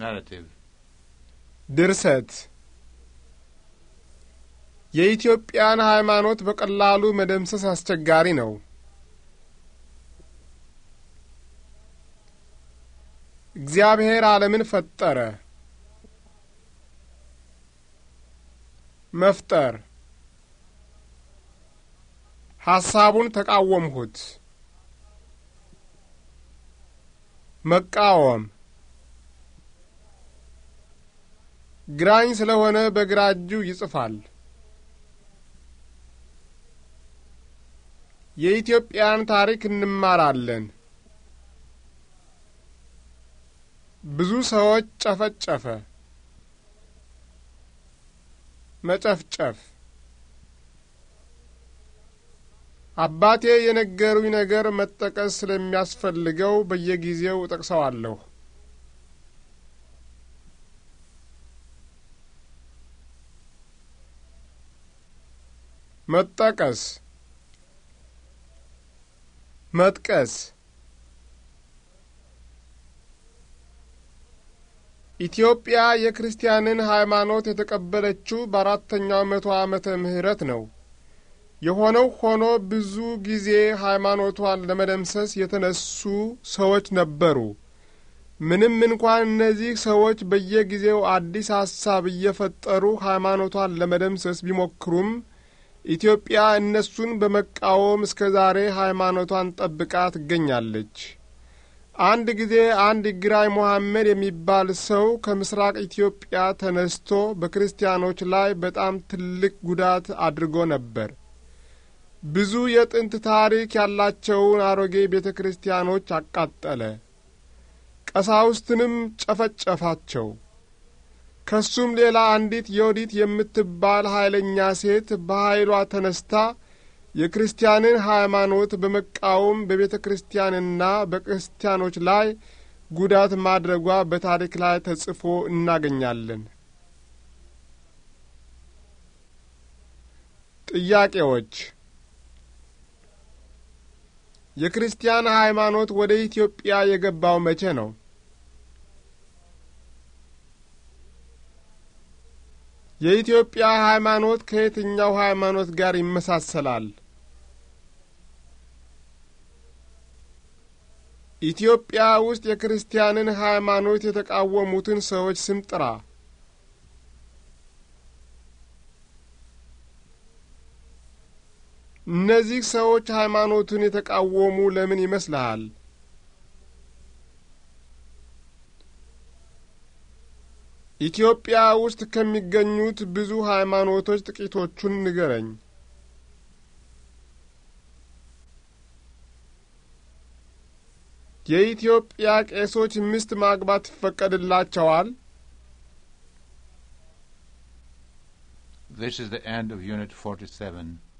ናሬቲቭ ድርሰት የኢትዮጵያን ሃይማኖት በቀላሉ መደምሰስ አስቸጋሪ ነው። እግዚአብሔር ዓለምን ፈጠረ። መፍጠር ሐሳቡን ተቃወምሁት። መቃወም ግራኝ ስለሆነ በግራ እጁ ይጽፋል። የኢትዮጵያን ታሪክ እንማራለን። ብዙ ሰዎች ጨፈጨፈ። መጨፍጨፍ አባቴ የነገሩኝ ነገር መጠቀስ ስለሚያስፈልገው በየጊዜው እጠቅሰዋለሁ። መጠቀስ መጥቀስ ኢትዮጵያ የክርስቲያንን ሃይማኖት የተቀበለችው በአራተኛው መቶ ዓመተ ምህረት ነው። የሆነው ሆኖ ብዙ ጊዜ ሃይማኖቷን ለመደምሰስ የተነሱ ሰዎች ነበሩ። ምንም እንኳን እነዚህ ሰዎች በየጊዜው አዲስ ሐሳብ እየፈጠሩ ሃይማኖቷን ለመደምሰስ ቢሞክሩም ኢትዮጵያ እነሱን በመቃወም እስከ ዛሬ ሃይማኖቷን ጠብቃ ትገኛለች። አንድ ጊዜ አንድ ግራኝ መሐመድ የሚባል ሰው ከምስራቅ ኢትዮጵያ ተነስቶ በክርስቲያኖች ላይ በጣም ትልቅ ጉዳት አድርጎ ነበር። ብዙ የጥንት ታሪክ ያላቸውን አሮጌ ቤተ ክርስቲያኖች አቃጠለ፣ ቀሳውስትንም ጨፈጨፋቸው። ከሱም ሌላ አንዲት ዮዲት የምትባል ኃይለኛ ሴት በኃይሏ ተነስታ የክርስቲያንን ሃይማኖት በመቃወም በቤተ ክርስቲያንና በክርስቲያኖች ላይ ጉዳት ማድረጓ በታሪክ ላይ ተጽፎ እናገኛለን። ጥያቄዎች የክርስቲያን ሃይማኖት ወደ ኢትዮጵያ የገባው መቼ ነው? የኢትዮጵያ ሃይማኖት ከየትኛው ሃይማኖት ጋር ይመሳሰላል? ኢትዮጵያ ውስጥ የክርስቲያንን ሃይማኖት የተቃወሙትን ሰዎች ስም ጥራ። እነዚህ ሰዎች ሃይማኖቱን የተቃወሙ ለምን ይመስልሃል? ኢትዮጵያ ውስጥ ከሚገኙት ብዙ ሃይማኖቶች ጥቂቶቹን ንገረኝ። የኢትዮጵያ ቄሶች ሚስት ማግባት ይፈቀድላቸዋል? This is the end of Unit 47.